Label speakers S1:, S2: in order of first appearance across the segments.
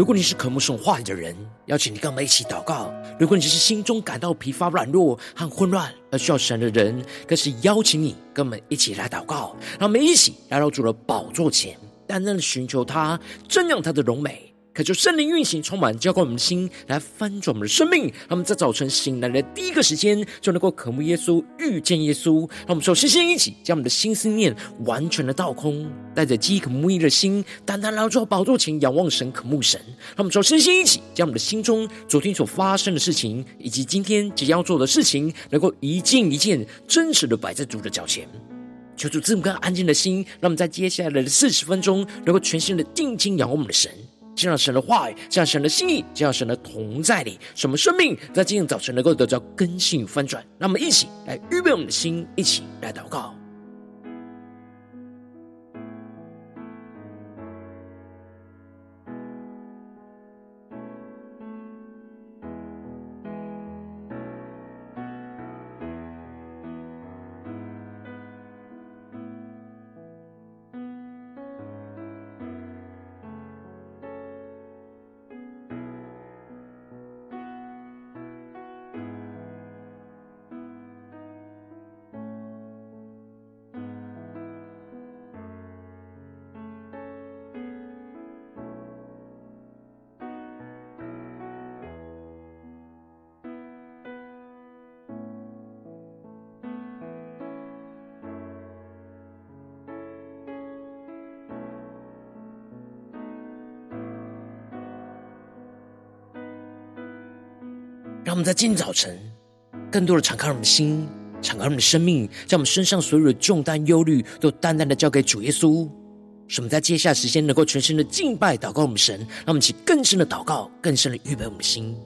S1: 如果你是渴慕神話的人，邀請你跟我們一起禱告。如果你只是心中感到疲乏、軟弱和混亂而需要神的人，更是邀請你跟我們一起來禱告，讓我們一起來到主的寶座前，單單尋求他，瞻仰他的榮美。懇求聖靈運行，充滿澆灌我們的心，來翻轉我們的生命。讓我們在早晨醒來的第一個時間，就能夠渴慕耶穌，遇見耶穌。讓我們首先先一起，將我們的心思念完全的倒空，帶着飢渴慕義的心，單單來到主寶座前仰望神、渴慕神。讓我們首先先一起，將我們的心中昨天所發生的事情，以及今天即將要做的事情，能夠一件一件真實的擺在主的腳前。求主賜我們一個安靜的心，讓我們在接下來的四十分鐘，能夠全心的靜心仰望我們的神。這樣神的話語，這樣神的心意，這樣神的同在裡，什麼生命在今天早晨能夠得到更新翻轉？讓我們一起來預備我們的心，一起來禱告。讓我們在今早晨，更多的敞開我們的心，敞開我們的生命，將我們身上所有的重擔、憂慮，都單單的交給主耶穌。使我們在接下來時間能夠全心的敬拜、禱告我們神。讓我們起更深的禱告，更深的預備我們的心。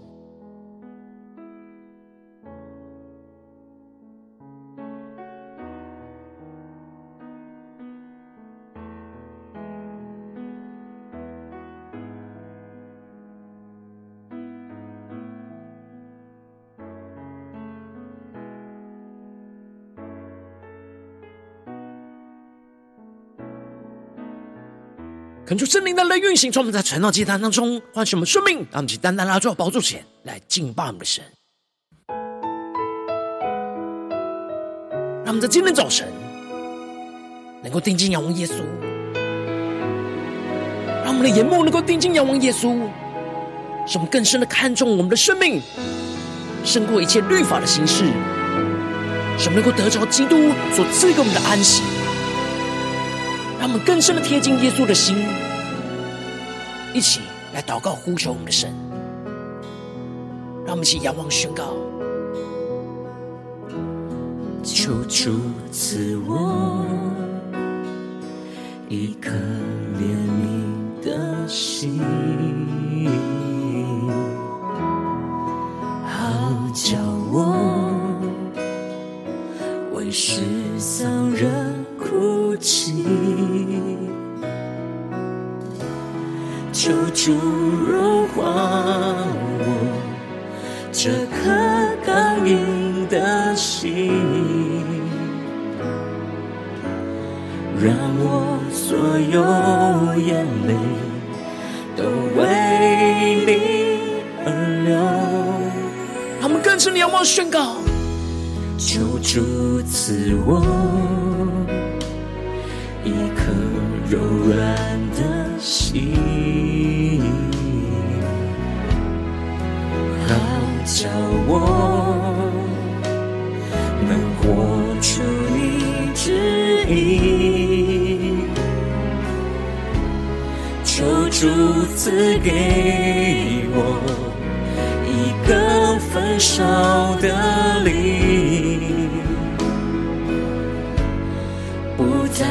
S1: 懇求聖靈的靈來運行，從我們在晨禱祭壇當中喚醒我們生命，讓我們去單單拉住、抱住起來敬拜我們的神。讓我們在今天早晨能夠定睛仰望耶穌，讓我們的眼目能夠定睛仰望耶穌，使我們更深的看重我們的生命，勝過一切律法的形式，使我們能夠得着基督所賜給我們的安息。讓我們更深的貼近耶穌的心，一起來禱告呼求我們的神，讓我們一起仰望宣告，
S2: 求主賜我一顆憐憫的心，好、啊、叫我為失喪人哭泣。就融化我這顆剛硬的心，讓我所有眼淚
S3: 都為
S2: 你而流。他們跟著你要宣告，求主賜我一顆柔軟的心。賜給我一個焚燒的禮，不再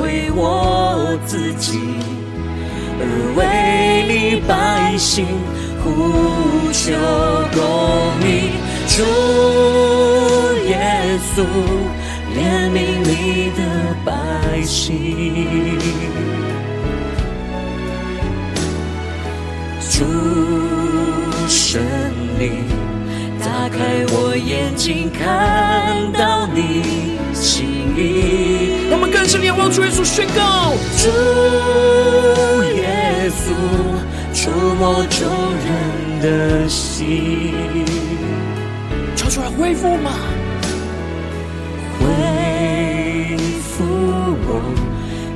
S2: 為我自己，而為你百姓呼求公義，主耶穌憐憫你的百姓。開我眼睛，看到你心意。我們跟着你，仰望主耶穌宣告：主耶穌，觸摸眾人的心，求出來恢復嗎？恢復我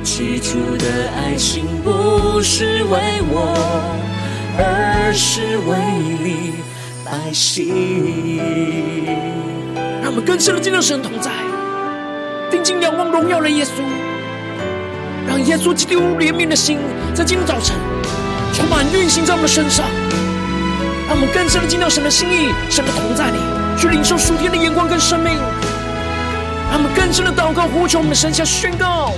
S2: 起初的愛情，不是為我，而是為你。愛心，I 讓我們更深的進到神同在，定睛仰望榮耀的耶穌，讓耶穌基督憐憫的心在今天早晨充滿運行在我們身上，
S1: 讓我們更深的進到神的心意，神的同在裡去領受屬天的眼光跟生命，讓我們更深的禱告，呼求我們的神下宣告，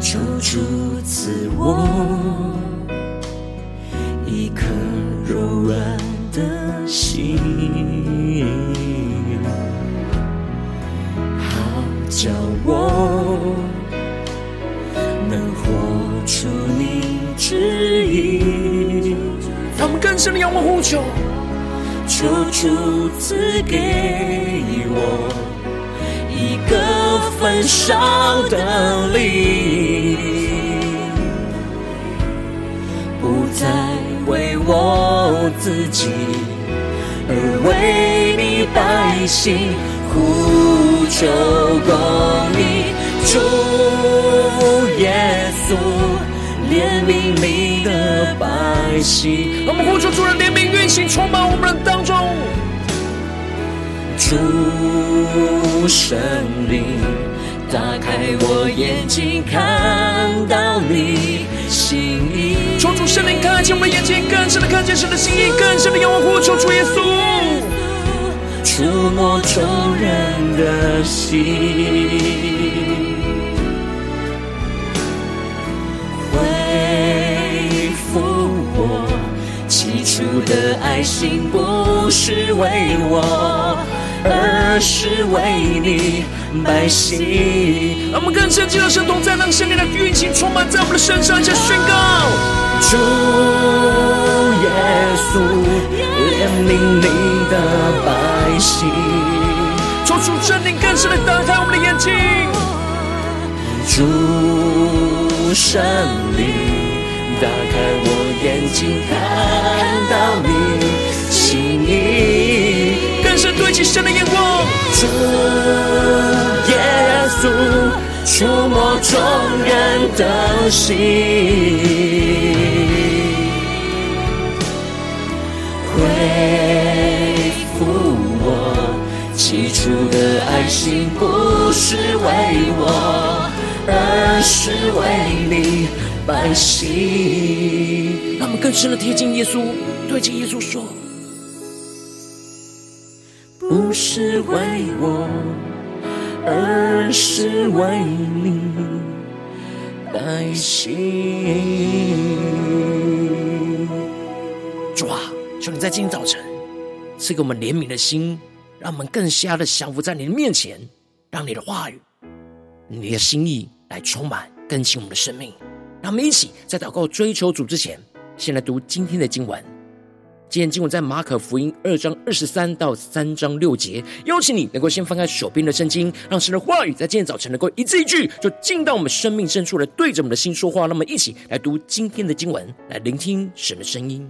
S2: 主賜我一顆柔軟。的心啊，好叫我能活出你旨意，他們更深的仰望呼求，求主賜給我一個焚燒的力，不再為我自己，而為你百姓呼求公義，主耶穌憐憫你的百姓。我們呼求主人憐憫、運行充滿我們的當中，主神明。打開我眼睛，看到你，心意。求主聖靈看清我眼睛，更深的看見神的心意，更深的仰望呼求主耶穌，觸摸眾人的心，恢復我起初的愛心，不是為我。而是為你百姓。讓我們更深進入到神同在，讓聖靈的運行充滿在我們的身上，一起宣告。主耶穌,耶穌憐憫你的百姓。主主聖靈更深的打開我們的眼睛。主聖靈打開我眼睛，看到你心意。深深對齊神的眼光，主耶穌，觸摸眾人的心，恢復我起初的愛心，不是為我，而是為你百姓，他們更深的貼近耶穌，對齊耶穌說。不是為我，而是為你
S1: 代心。主啊，求你在今天早晨賜給我們憐憫的心，讓我們更加的降服在你的面前，讓你的話語、你的心意來充滿更新我們的生命。讓我們一起在禱告追求主之前，先來讀今天的經文。今天經文在馬可福音二章二十三到三章六節，邀請你能夠先翻開手邊的聖經，讓神的話語在今天早晨能夠一字一句，就進到我們生命深處來，對着我們的心說話。那麼，一起來讀今天的經文，來聆聽神的聲音。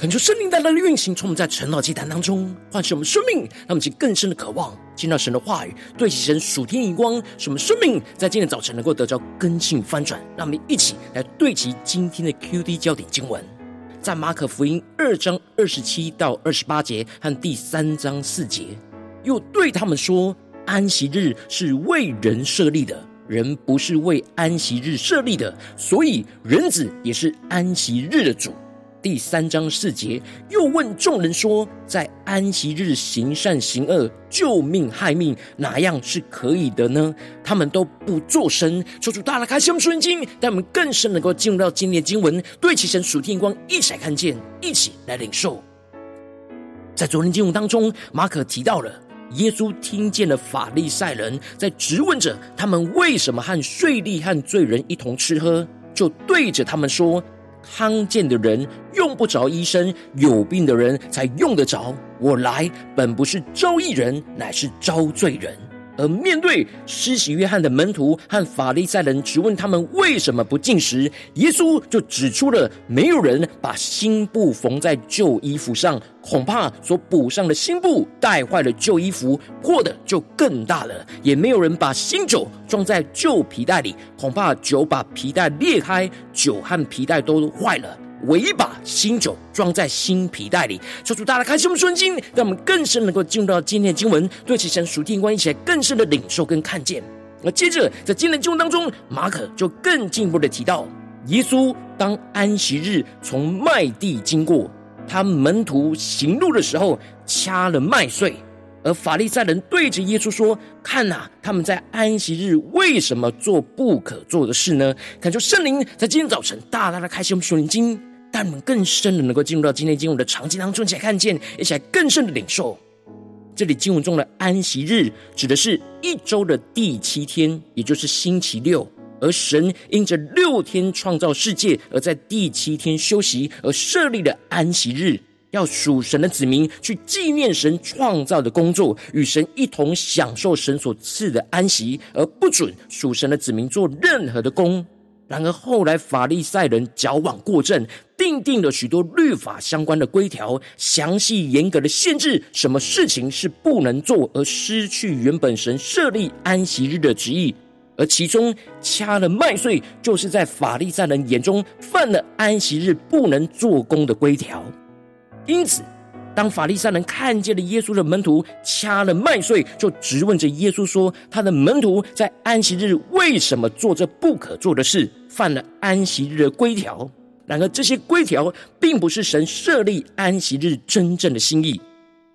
S1: 懇求聖靈帶來的運行充滿在晨禱祭壇當中，喚醒我們生命。讓我們以更深的渴望，聽到神的話語，對齊神屬天的光，使我們生命在今天早晨能夠得着更新翻轉。讓我們一起來對齊今天的 QT 焦點經文，在馬可福音二章二十七到二十八節和第三章四節，又對他們說：“安息日是為人設立的，人不是為安息日設立的，所以人子也是安息日的主。”第三章四節，又問眾人說：“在安息日行善行惡，救命害命，哪樣是可以的呢？”他們都不作聲。抽出大家開箱順經，但我們更深能夠進入到今天的經文，對其神屬天一光一起來看見，一起來領受。在昨天經文當中，馬可提到了耶穌聽見了法利賽人在質問着他們為什麼和稅吏和罪人一同吃喝，就對着他們說。康健的人用不着醫生，有病的人才用得着。我來本不是召義人，乃是召罪人。而面對施洗約翰的門徒和法利賽人，質問他們為什麼不禁食，耶穌就指出了：沒有人把新布縫在舊衣服上，恐怕所補上的新布帶壞了舊衣服，破的就更大了；也沒有人把新酒裝在舊皮袋裡，恐怕酒把皮袋裂開，酒和皮袋都壞了。唯一把新酒裝在新皮袋裡，求主大大開示我們聖經，讓我們更深能夠進入到今天的經文，對其神屬天光一起來更深的領受跟看見。而接着在今天的經文當中，馬可就更進一步的提到，耶穌當安息日從麥地經過，他門徒行路的時候掐了麥穗，而法利賽人對着耶穌說：“看哪，他們在安息日為什麼做不可做的事呢？”懇求聖靈在今天早晨大大的開示我們聖經。但我們更深的能夠進入到今天經文的場景當中，一起來看見，一起來更深的領受。這裡經文中的安息日，指的是一周的第七天，也就是星期六。而神因着六天創造世界，而在第七天休息，而設立的安息日，要屬神的子民去紀念神創造的工作，與神一同享受神所賜的安息，而不准屬神的子民做任何的工。然而後來法利賽人矯枉過正。訂定了許多律法相關的規條，詳細嚴格的限制，什麼事情是不能做，而失去原本神設立安息日的旨意。而其中掐了麥穗，就是在法利賽人眼中犯了安息日不能做工的規條。因此，當法利賽人看見了耶穌的門徒掐了麥穗，就質問着耶穌說：“他的門徒在安息日為什麼做這不可做的事，犯了安息日的規條？”然而，這些規條並不是神設立安息日真正的心意。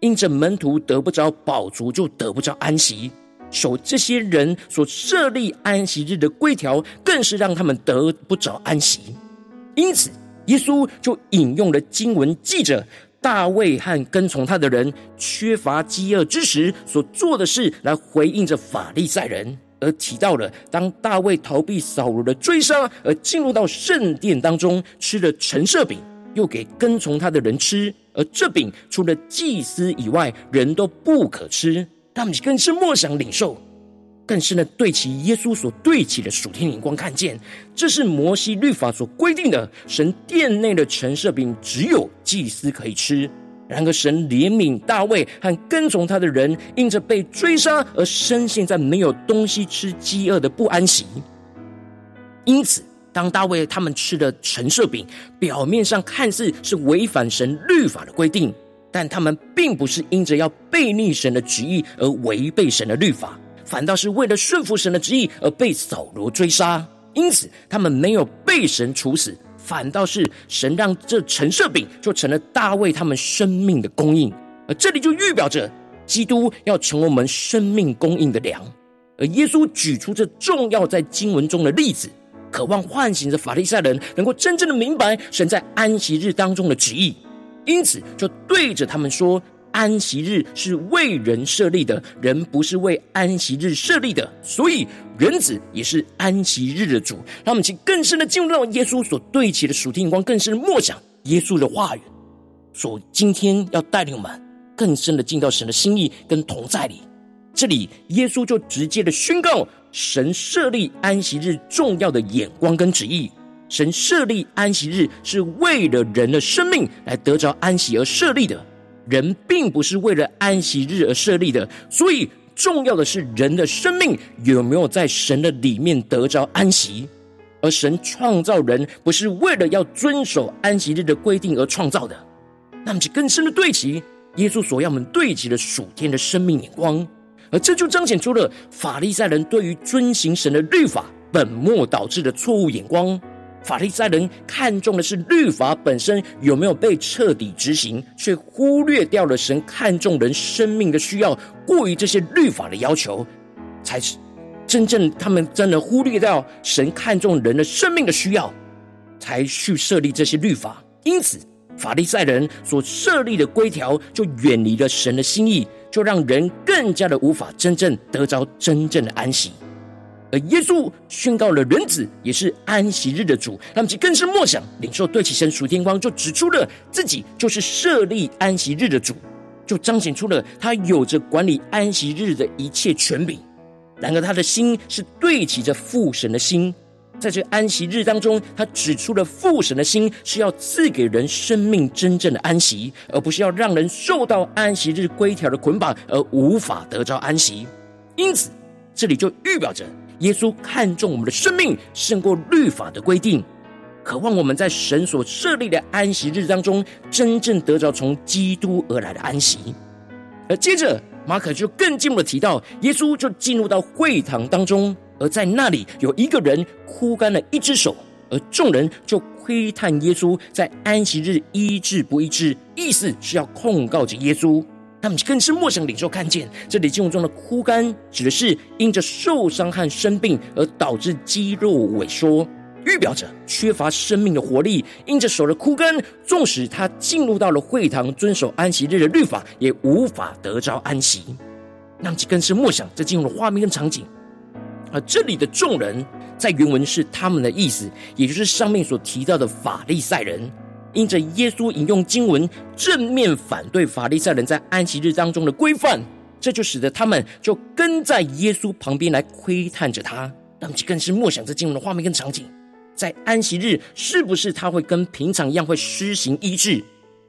S1: 因着門徒得不着飽足，就得不着安息。守這些人所設立安息日的規條，更是讓他們得不着安息。因此，耶穌就引用了經文，記著大衛和跟從他的人缺乏飢餓之時所做的事，來回應着法利賽人。而提到了，當大衛逃避掃羅的追殺，而進入到聖殿當中吃了陳設餅，又給跟從他的人吃。而這餅除了祭司以外，人都不可吃，他們更是莫想領受。更是呢，對齊耶穌所對齊的屬天靈光看見，這是摩西律法所規定的，神殿內的陳設餅只有祭司可以吃。然而，神憐憫大衛和跟從他的人，因着被追殺而深陷在沒有東西吃、飢餓的不安息。因此，當大衛他們吃了陳設餅，表面上看似是違反神律法的規定，但他們並不是因着要悖逆神的旨意而違背神的律法，反倒是為了順服神的旨意而被掃羅追殺。因此，他們沒有被神處死。反倒是神讓這陳設餅就成了大衛他們生命的供應，而這裡就預表着基督要成為我們生命供應的糧。而耶穌舉出這重要在經文中的例子，渴望喚醒着法利賽人能夠真正的明白神在安息日當中的旨意，因此就對着他們說。安息日是為人設立的，人不是為安息日設立的。所以，人子也是安息日的主。讓我們一起更深的進入到耶穌所對齊的屬天眼光，更深的默想耶穌的話語，所今天要帶領我們更深的進到神的心意跟同在裡。這裡，耶穌就直接的宣告神設立安息日重要的眼光跟旨意。神設立安息日是為了人的生命來得着安息而設立的。人並不是為了安息日而設立的，所以重要的是人的生命有沒有在神的裡面得着安息。而神創造人不是為了要遵守安息日的規定而創造的，那麼就更深的對齊耶穌所要我們對齊的屬天的生命眼光，而這就彰顯出了法利賽人對於遵行神的律法本末倒置的錯誤眼光。法利賽人看重的是律法本身有沒有被徹底執行，卻忽略掉了神看重人生命的需要，過於這些律法的要求，才是真正他們真的忽略掉神看重人的生命的需要，才去設立這些律法。因此，法利賽人所設立的規條就遠離了神的心意，就讓人更加的無法真正得着真正的安息。而耶穌宣告了人子也是安息日的主，他們就更是默想，領受對齊神屬天光，就指出了自己就是設立安息日的主，就彰顯出了他有着管理安息日的一切權柄。然而他的心是對齊着父神的心，在這安息日當中，他指出了父神的心是要賜給人生命真正的安息，而不是要讓人受到安息日規條的捆綁而無法得着安息。因此，這裡就預表着。耶穌看重我們的生命勝過律法的規定，渴望我們在神所設立的安息日當中，真正得着從基督而來的安息。而接着，馬可就更進一步的提到，耶穌就進入到會堂當中，而在那裡有一個人枯乾了一隻手，而眾人就窺探耶穌在安息日醫治不醫治，意思是要控告着耶穌。他們更是默想領受看見這裡經文中的枯乾，指的是因着受傷和生病而導致肌肉萎縮，預表着缺乏生命的活力。因着手的枯乾，縱使他進入到了會堂，遵守安息日的律法，也無法得着安息。他們更是默想這經文的畫面跟場景。而這裡的眾人，在原文是他們的意思，也就是上面所提到的法利賽人。因着耶穌引用經文正面反對法利賽人在安息日當中的規範，這就使得他們就跟在耶穌旁邊來窺探着他，而且更是默想着經文的畫面跟場景。在安息日，是不是他會跟平常一樣會施行醫治，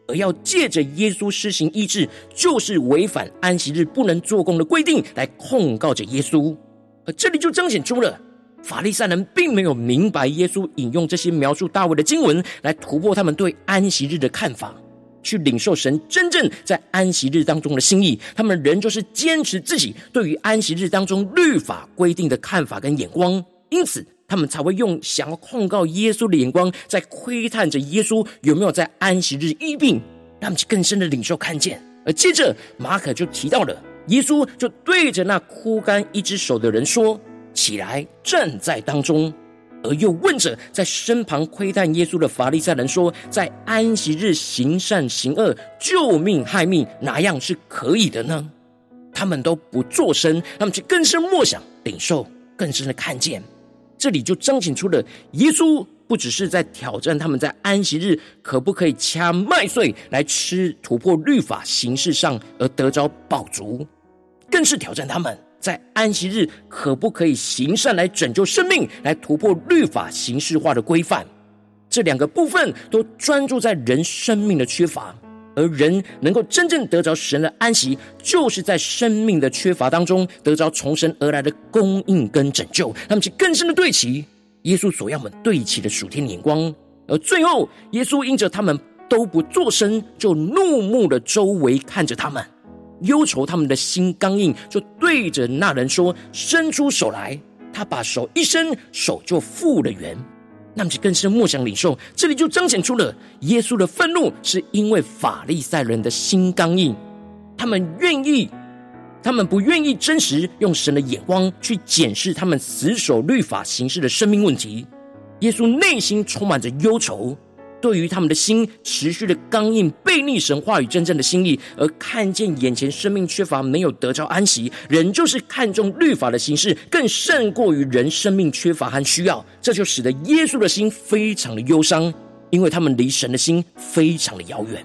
S1: 而要借着耶穌施行醫治，就是違反安息日不能做工的規定，來控告着耶穌？而這裡就彰顯出了。法利賽人並沒有明白耶穌引用這些描述大衛的經文，來突破他們對安息日的看法，去領受神真正在安息日當中的心意。他們仍舊是堅持自己對於安息日當中律法規定的看法跟眼光，因此他們才會用想要控告耶穌的眼光，在窺探着耶穌有沒有在安息日醫病，讓他們更深的領受看見。而接着馬可就提到了耶穌就對着那枯乾一隻手的人說。起來，站在當中。而又問着在身旁窺探耶穌的法利賽人說：“在安息日行善行惡，救命害命，哪樣是可以的呢？”他們都不作聲，他們去更深默想、領受、更深的看見。這裡就彰顯出了耶穌不只是在挑戰他們在安息日可不可以掐麥穗來吃，突破律法形式上而得着飽足，更是挑戰他們。在安息日可不可以行善來拯救生命，來突破律法形式化的規範？這兩個部分都專注在人生命的缺乏，而人能夠真正得着神的安息，就是在生命的缺乏當中得着重生而來的供應跟拯救。他們就更深的對齊耶穌所要我們對齊的屬天的眼光，而最後耶穌因着他們都不作聲，就怒目的周圍看着他們。憂愁，他們的心剛硬，就對着那人說：“伸出手來。”他把手一伸，手就復了原。那麼，就更深默想領受，這裡就彰顯出了耶穌的憤怒，是因為法利賽人的心剛硬，他們願意，他們不願意真實用神的眼光去檢視他們死守律法形式的生命問題。耶穌內心充滿着憂愁。對於他們的心持續的剛硬悖逆神話語真正的心意，而看見眼前生命缺乏沒有得着安息，人就是看重律法的形式，更勝過於人生命缺乏和需要，這就使得耶穌的心非常的憂傷，因為他們離神的心非常的遙遠。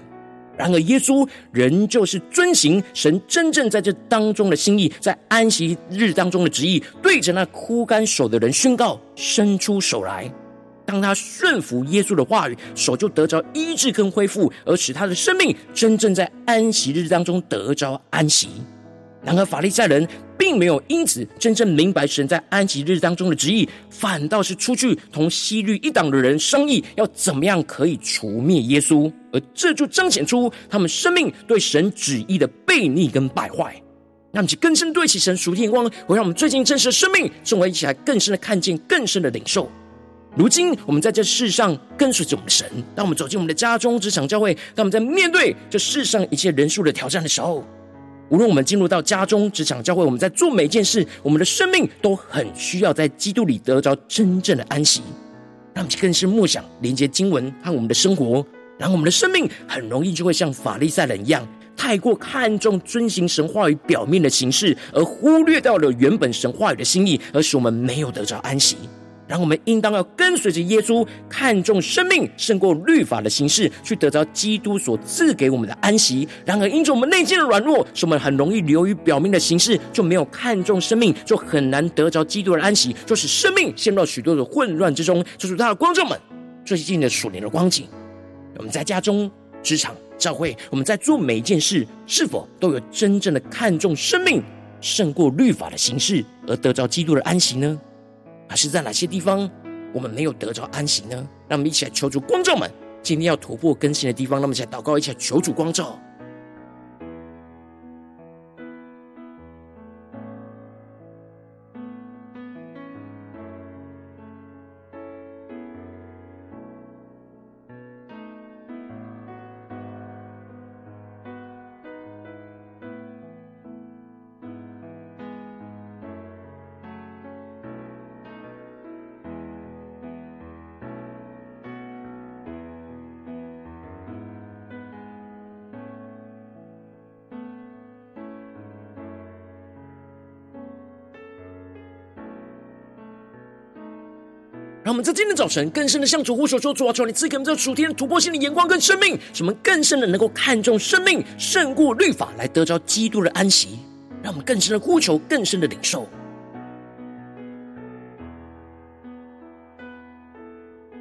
S1: 然而耶穌仍舊是遵行神真正在這當中的心意，在安息日當中的旨意，對着那枯乾手的人宣告：伸出手來。當他順服耶穌的話語，手就得着醫治跟恢復，而使他的生命真正在安息日當中得着安息。然而，法利賽人並沒有因此真正明白神在安息日當中的旨意，反倒是出去同希律一黨的人商議，要怎麼樣可以除滅耶穌。而這就彰顯出他們生命對神旨意的悖逆跟敗壞。讓我們更深對齊神屬天光，會讓我們最近真實的生命，從而一起來更深的看見、更深的領受。如今，我們在這世上跟隨着我們的神，當我們走進我們的家中、職場、教會。當我們在面對這世上一切人數的挑戰的時候，無論我們進入到家中、職場、教會，我們在做每一件事，我們的生命都很需要在基督裡得着真正的安息。讓我們更是默想、連接經文和我們的生活，然後我們的生命很容易就會像法利賽人一樣，太過看重遵行神話語表面的形式，而忽略到了原本神話語的心意，而使我們沒有得着安息。然後我們應當要跟隨着耶穌，看重生命勝過律法的形式，去得着基督所賜給我們的安息。然而，因着我們內心的軟弱，使我們很容易流於表面的形式，就沒有看重生命，就很難得着基督的安息，就使生命陷入了許多的混亂之中。就是他的觀眾們最近的數年的光景，我們在家中、職場、教會，我們在做每一件事，是否都有真正的看重生命勝過律法的形式，而得着基督的安息呢？還是在哪些地方我們沒有得着安息呢？讓我們一起來求主光照我們，今天要突破更新的地方。讓我們一起來禱告一下，求主光照。我們在今天早晨，更深的向主呼求，主啊，求你賜給我們這屬天突破性的眼光跟生命，使我們更深的能夠看重生命，勝過律法，來得着基督的安息。讓我們更深的呼求，更深的領受。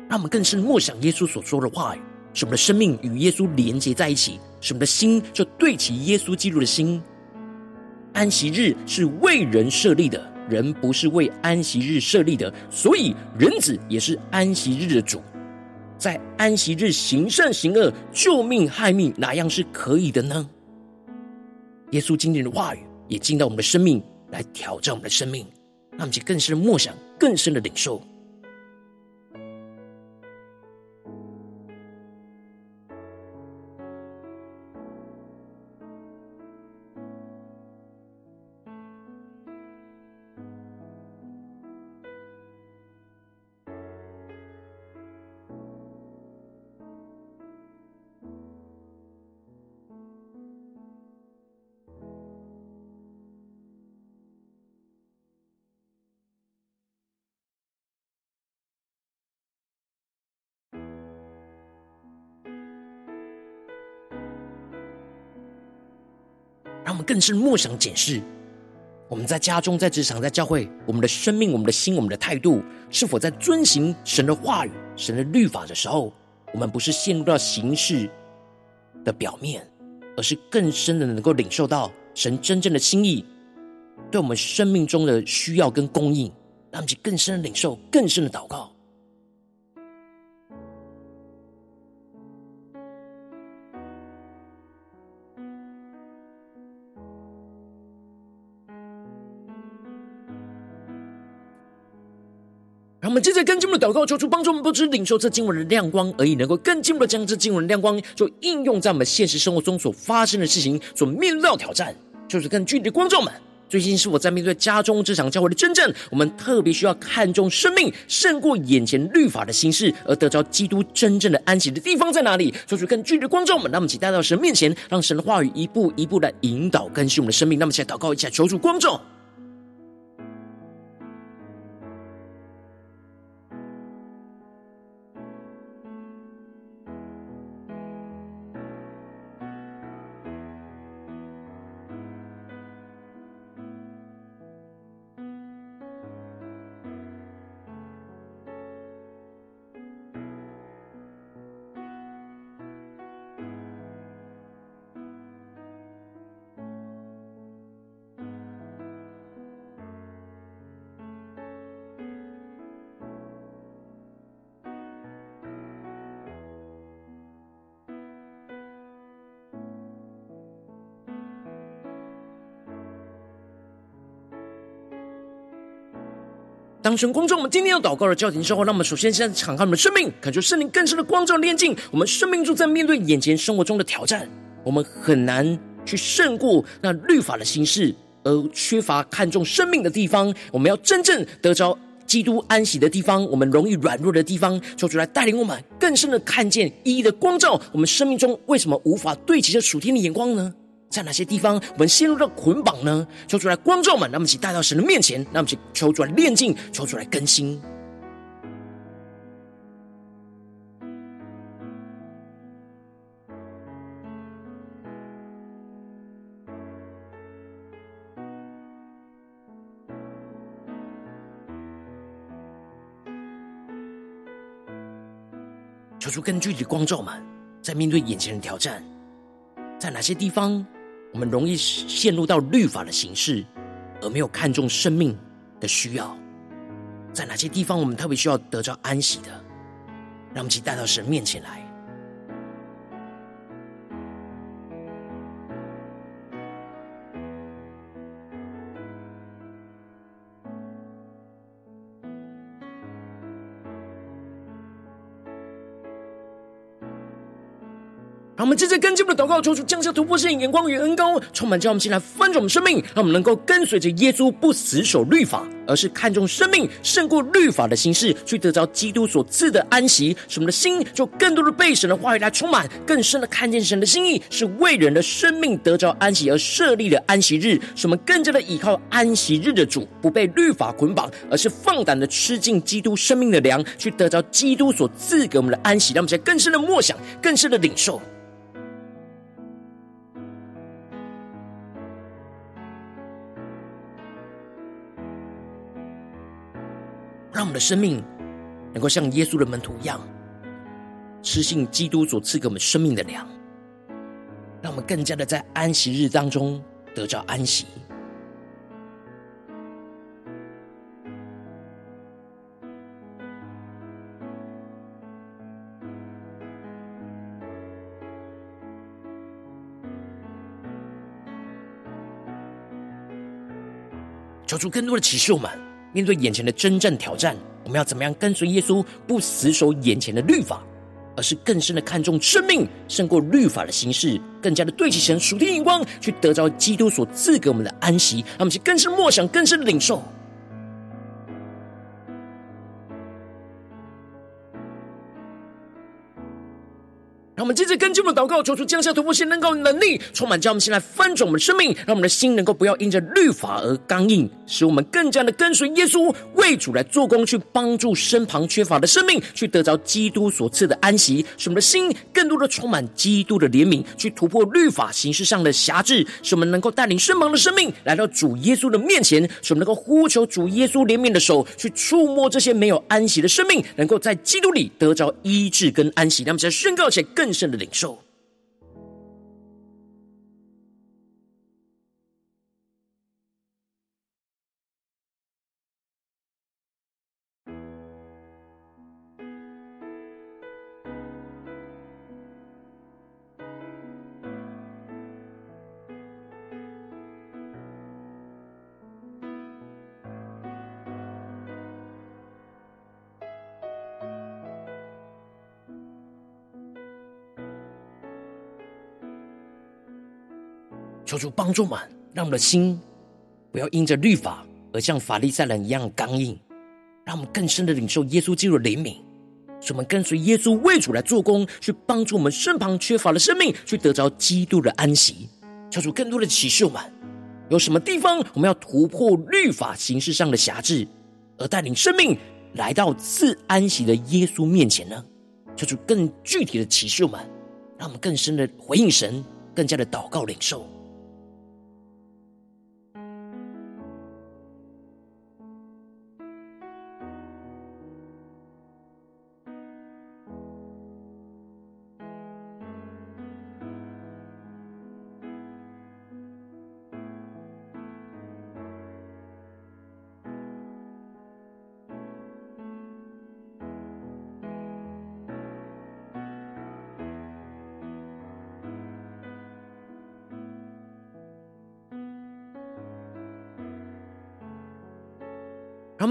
S1: 讓我們更深的默想耶穌所說的話，使我們的生命與耶穌連接在一起，使我們的心就對齊耶穌基督的心。安息日是為人設立的。人不是為安息日設立的，所以人子也是安息日的主。在安息日行善行惡、救命害命，哪樣是可以的呢？耶穌今天的話語也進到我們的生命，來挑戰我們的生命，讓我們去更深的默想、更深的領受。更是默想解釋，我們在家中、在職場、在教會，我們的生命、我們的心、我們的態度，是否在遵行神的話語、神的律法的時候，我們不是陷入到形式的表面，而是更深的能夠領受到神真正的心意，對我們生命中的需要跟供應，讓我們更深的領受、更深的禱告。我們接着跟進的禱告，求主幫助我們，不只領受這經文的亮光而已，能夠更進步的將這經文的亮光，就應用在我們現實生活中所發生的事情，所面對挑戰。就是更具體的，光照們，最近是否在面對家中這場教會的爭戰？我們特別需要看重生命勝過眼前律法的形式，而得着基督真正的安息的地方在哪裡？就是更具體的光照們，那麼請帶到神面前，讓神的話語一步一步的引導更新我們的生命。那麼一起禱告，一起求主光照。當神光照，我們今天要禱告的教廷之後，那麼首先現在敞開我們的生命，懇求聖靈更深的光照、煉淨，我們生命中在面對眼前生活中的挑戰，我們很難去勝過那律法的形式，而缺乏看重生命的地方。我們要真正得着基督安息的地方，我們容易軟弱的地方，求主來帶領我們更深的看見意義的光照。我們生命中為什麼無法對齊着屬天的眼光呢？在哪些地方我們陷入到捆綁呢？求出來光照們，那我們一起帶到神的面前，那我們一起求出來煉淨，求出來更新，求出更具體的光照們，在面對眼前的挑戰，在哪些地方？我們容易陷入到律法的形式，而沒有看重生命的需要。在哪些地方我們特別需要得到安息的？讓我們去帶到神面前來。我們正在跟進的禱告出，求主降下突破性眼光與恩膏，充滿讓我們進來翻轉我們生命，讓我們能夠跟隨着耶穌，不死守律法，而是看重生命勝過律法的形式去得着基督所賜的安息。使我們的心就更多的被神的話語來充滿，更深的看見神的心意是為人的生命得着安息而設立的安息日。使我們更加的依靠安息日的主，不被律法捆綁，而是放膽的吃進基督生命的糧，去得着基督所賜給我們的安息。讓我們在更深的默想，更深的領受。我們的生命能夠像耶穌的門徒一樣，吃信基督所賜給我們生命的糧，讓我們更加的在安息日當中得到安息，求主更多的啟示我們，面對眼前的真正挑戰，我們要怎麼樣跟隨耶穌，不死守眼前的律法，而是更深的看重生命勝過律法的形式，更加的對齊神屬天的眼光，去得着基督所賜給我們的安息，讓我們去更深默想，更深的領受。讓我們接着跟進我們的禱告，求主降下突破性、能夠能力充滿，將我們先來翻轉我們的生命，讓我們的心能夠不要因着律法而剛硬，使我們更加的跟隨耶穌，為主來做工，去幫助身旁缺乏的生命，去得着基督所賜的安息，使我們的心更多的充滿基督的憐憫，去突破律法形式上的轄制，使我們能夠帶領身旁的生命來到主耶穌的面前，使我們能夠呼求主耶穌憐憫的手去觸摸這些沒有安息的生命，能夠在基督裡得着醫治跟安息。讓我們先宣告且更。神聖的領受。主幫助我們，讓我們的心不要因着律法而像法利賽人一樣剛硬，讓我們更深的領受耶穌基督的憐憫，使我們跟隨耶穌為主來做工，去幫助我們身旁缺乏的生命，去得着基督的安息。求主更多的啟示我們，有什麼地方我們要突破律法形式上的轄制，而帶領生命來到賜安息的耶穌面前呢？求主更具體的啟示我們，讓我們更深的回應神，更加的禱告領受。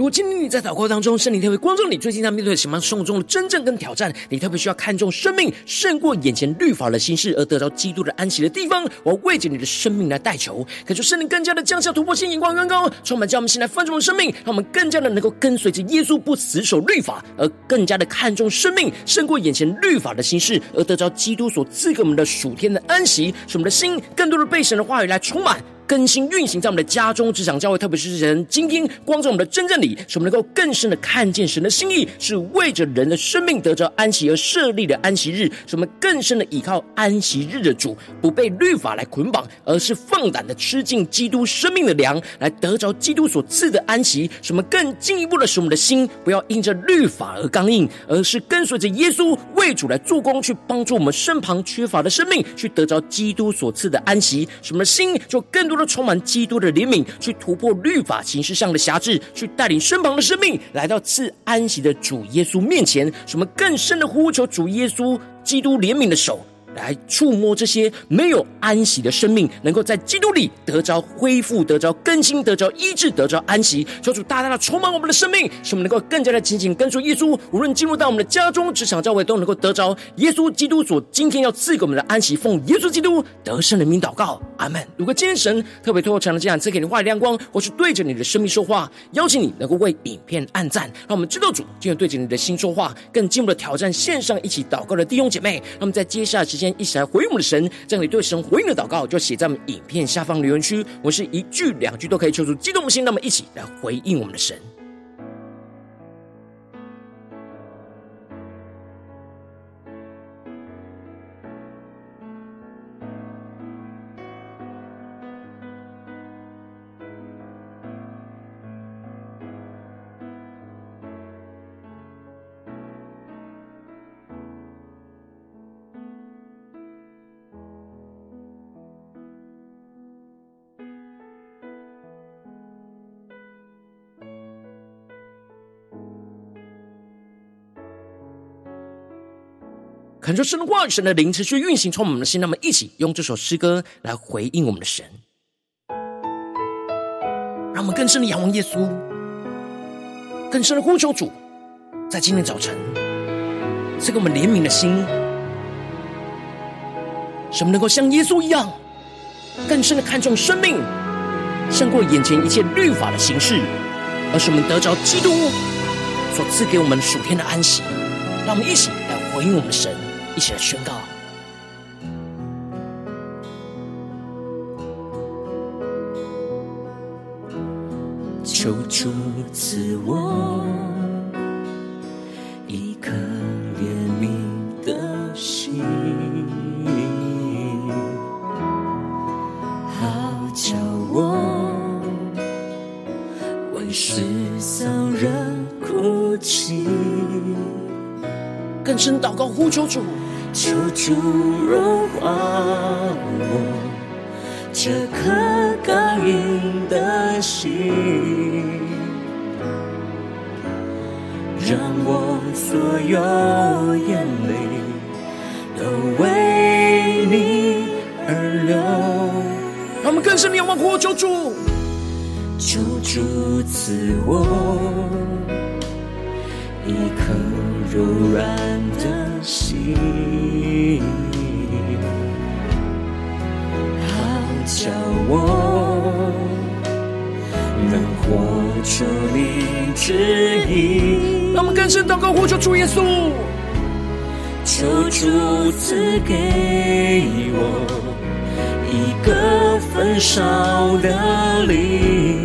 S1: 如果今天，你，在禱告當中，聖靈特別光照你。最近，在面對什麼生活中的真正跟挑戰？你特別需要看重生命，勝過眼前律法的心事，而得到基督的安息的地方。我要為着你的生命來代求。懇求聖靈更加的降下突破性眼光，剛剛充滿叫我們現在翻轉生命，讓我們更加的能夠跟隨着耶穌，不死守律法，而更加的看重生命，勝過眼前律法的心事，而得到基督所賜給我們的屬天的安息，使我們的心更多的被神的話語來充滿。更新運行在我們的家中、職場、教會，特別是神，今天光在我們的真正裡，使我們能夠更深的看見神的心意，是為着人的生命得着安息而設立的安息日。使我們更深的依靠安息日的主，不被律法來捆綁，而是放膽的吃進基督生命的糧，來得着基督所賜的安息。使我們更進一步的使我們的心不要因着律法而剛硬，而是跟隨着耶穌為主來做工，去幫助我們身旁缺乏的生命，去得着基督所賜的安息。使我們的心就更多的都充滿基督的憐憫，去突破律法形式上的轄制，去帶領身旁的生命來到賜安息的主耶穌面前，什麼更深的呼求主耶穌基督憐憫的手。來觸摸這些沒有安息的生命，能夠在基督裡得着恢復，得着更新，得着醫治，得着安息。求主大大的充滿我們的生命，使我們能夠更加的緊緊跟隨耶穌。無論進入到我們的家中、職場、教會，都能夠得着耶穌基督所今天要賜給我們的安息。奉耶穌基督得勝人民禱告，阿門。如果今天神特別透過這樣的講次給你話語亮光，或是對着你的生命說話，邀請你能夠為影片按讚。讓我們知道主今天對着你的心說話，更進一步的挑戰線上一起禱告的弟兄姐妹。那麼在接下來先一起來回應我們的神，這樣你對神回應的禱告就寫在我們影片下方留言區。我們是一句兩句都可以求出激動的心，那麼一起來回應我們的神。神的聖話，神的靈持續運行充滿我們的心，那麼一起用這首詩歌來回應我們的神，讓我們更深的仰望耶穌，更深的呼求主，在今天早晨賜給我們憐憫的心，使我們能夠像耶穌一樣，更深的看重生命，勝過眼前一切律法的形式，而是我們得着基督所賜給我們屬天的安息，讓我們一起來回應我們的神。一起來宣告，求
S2: 主賜我。就融化我這顆剛硬的心，讓我所有眼淚都為你而流。
S1: 讓我們更深的仰望，呼求主，
S2: 求主賜我。一顆柔軟的心，好叫我能活出你旨意。讓我們更深禱告，呼求主耶穌，求主賜給我一個焚燒的靈，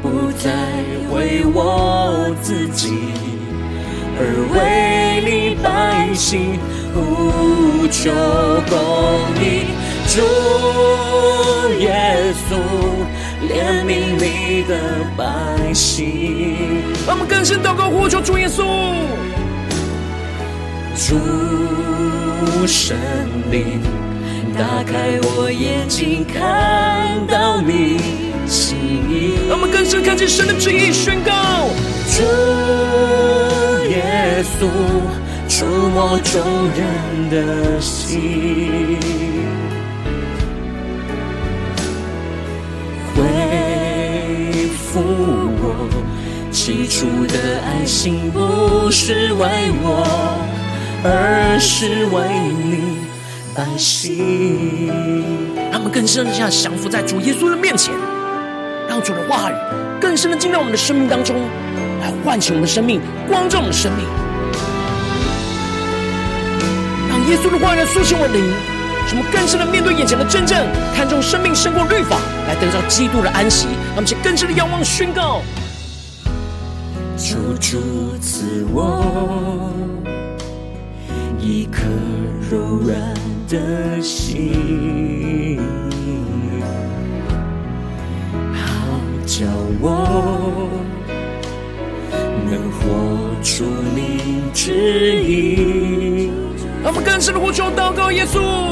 S2: 不再。為我自己，而為你百姓呼求公義。主耶穌憐憫你的百姓。我們更深禱告呼求主耶穌，主神明打開我眼睛看到你意奇我們更深看見神的旨意，宣告主耶穌觸摸眾人的心，恢復我起初的愛心，不是為我，而是為你百
S1: 姓。他們更深地降降服在主耶穌的面前。讓主的話語更深的進到我們的生命當中，來喚醒我們的生命，光照我們的生命。讓耶穌的話語甦醒我靈，使我們更深的面對眼前的真正，看重生命勝過律法，來得到基督的安息。讓我們是更深的仰望、宣告，
S2: 求主賜我一顆柔軟的心。讓我能活出你旨意。我們更深的呼求，禱告耶穌，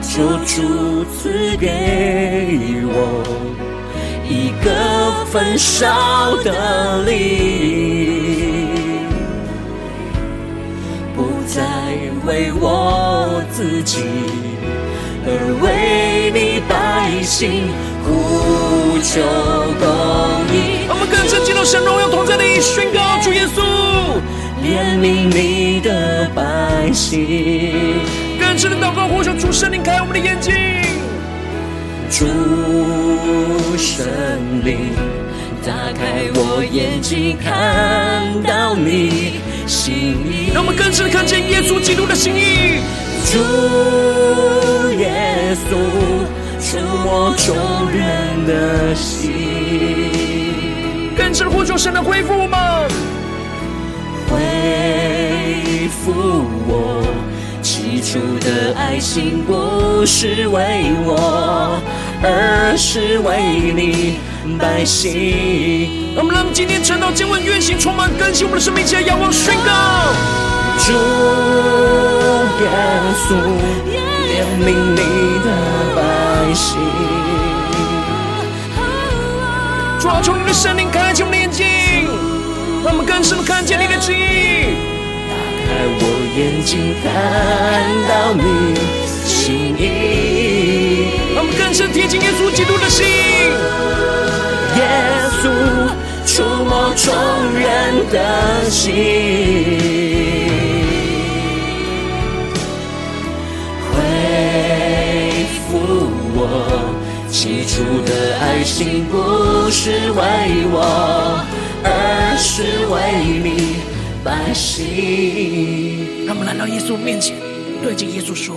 S2: 求主賜給我一個焚燒的靈，不再為我自己，而為你百姓呼求。主神榮耀同在，你宣告主耶穌憐憫你的百姓。更深的禱告呼求，主神，睜開我們的眼睛。主神靈，打開我眼睛，看到你心意。讓我們更深的看見耶穌基督的心意。主耶穌，觸摸眾人的心。支護，求神能恢復我恢復我起初的愛心，不是為我，而是為你百姓。阿門！啊、今天晨禱今晚運行，充滿更新我們的生命，起來仰望宣告，主耶穌憐憫你的百姓。說，求你的神靈開啟我們的眼睛，讓我們更深的看見你的旨意。打開我眼睛，看到你心意。讓我們更深貼近耶穌基督的心。耶穌觸摸眾人的心。起初的愛情不是為我，而是為你百姓。他們來到耶穌面前，對着耶穌說：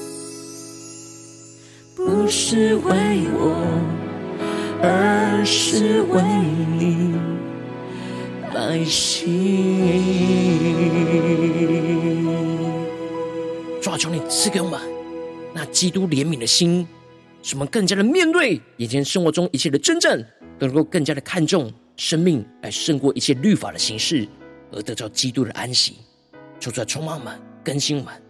S2: 「不是為我，而是為你百
S1: 姓。」抓住你，賜給我們，那基督憐憫的心。使我們更加的面對眼前生活中一切的征戰，都能夠更加的看重生命，來勝過一切律法的形式，而得到基督的安息，走出充滿我們，更新完。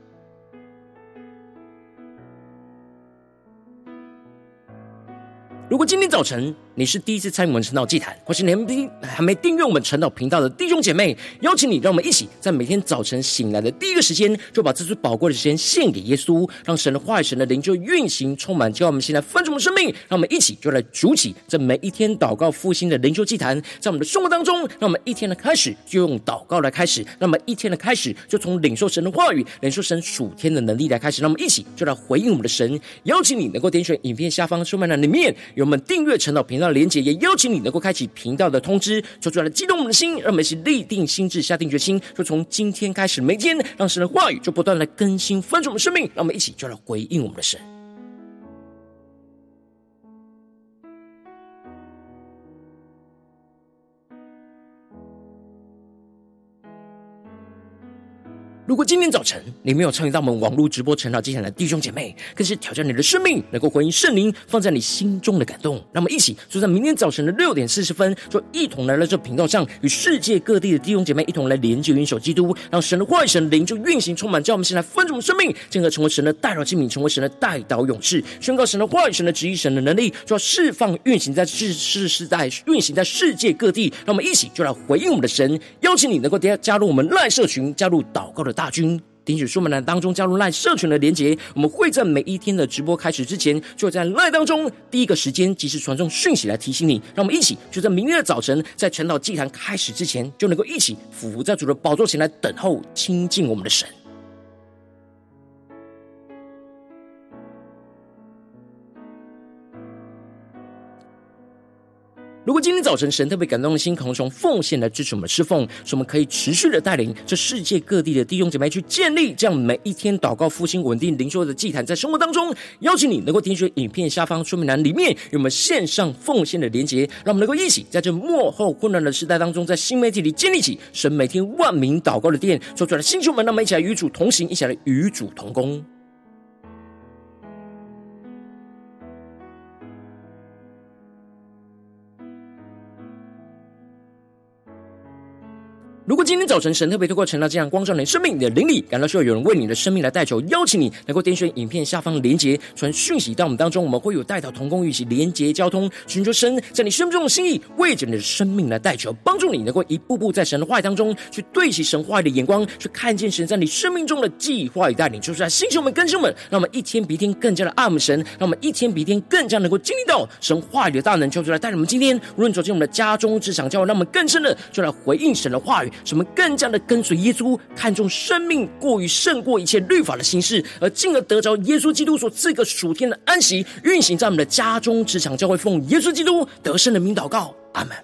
S1: 如果今天早晨，你是第一次參與我們晨禱祭壇，或是你還沒，還沒訂閱我們晨禱頻道的弟兄姐妹，邀請你讓我們一起在每天早晨醒來的第一個時間，就把這最寶貴的時間獻給耶穌，讓神的話語、神的靈就運行充滿，叫我們現在豐盛的生命。讓我們一起就來築起這每一天禱告復興的靈修祭壇，在我們的生活當中，讓我們一天的開始就用禱告來開始，那麼一天的開始就從領受神的話語、領受神屬天的能力來開始。讓我們一起就來回應我們的神，邀請你能夠點選影片下方出麥欄裡面，有我們訂閱晨禱頻道。讓蓮姐也邀請你，能夠開啟頻道的通知，說出來激動我們的心，讓我們立定心智，下定決心，說從今天開始，每天讓神的話語就不斷來更新翻轉我們生命，讓我們一起就來回應我們的神。如果今天早晨你沒有參與到我們網絡直播成長今天的弟兄姐妹，更是挑戰你的生命，能夠回應聖靈放在你心中的感動。那麼一起就在明天早晨的六點四十分，就一同來到這頻道上，與世界各地的弟兄姐妹一同來連接元首基督，讓神的話語、神靈就運行、充滿，叫我們先來豐足生命，進而成為神的代禱器皿，成為神的代禱勇士，宣告神的話語、神的旨意、神的能力，就要釋放、運行在世、世世代運行在世界各地。那我們一起就來回應我們的神，邀請你能夠加加入我們賴社群，加入禱告的大。大軍，點擊說明欄當中加入 Line 社群的連結，我們會在每一天的直播開始之前，就在 Line 當中第一個時間及時傳送訊息來提醒你。讓我們一起就在明日的早晨，在晨禱祭壇開始之前，就能夠一起俯伏在主的寶座前來等候親近我們的神。如果今天早晨神特別感動的心，可能從奉獻來支持我們侍奉，所以我們可以持續的帶領這世界各地的弟兄姐妹去建立這樣每一天禱告復興、穩定靈修的祭壇，在生活當中邀請你能夠聽取影片下方說明欄裡面有我們線上奉獻的連接，讓我們能夠一起在這末後困難的時代當中，在新媒體裡建立起神每天萬民禱告的殿，做出來新球門，讓我們一起來與主同行，一起來與主同工。如果今天早晨神特別透過晨禱這樣光照你的生命、你的靈裡，感到需要有人為你的生命來代求，邀請你能夠點選影片下方的連結，傳訊息到我們當中，我們會有代禱同工一起連結交通，尋求神在你生命中的心意，為着你的生命來代求，幫助你能夠一步步在神的話語當中去對齊神話語的眼光，去看見神在你生命中的計劃與帶領。就出、是、來，弟兄們、跟兄們，讓我們一天比一天更加的愛慕神，讓我們一天比一天更加能夠經歷到神話語的大能。就來帶領我們今天，無論走進我們的家中、職場，教會，讓我們更深的就來回應神的話語。使我們更加的跟隨耶穌，看重生命過於勝過一切律法的形式，而進而得着耶穌基督所賜給屬天的安息，運行在我們的家中、職場、教會，奉耶穌基督得勝的名禱告，阿門。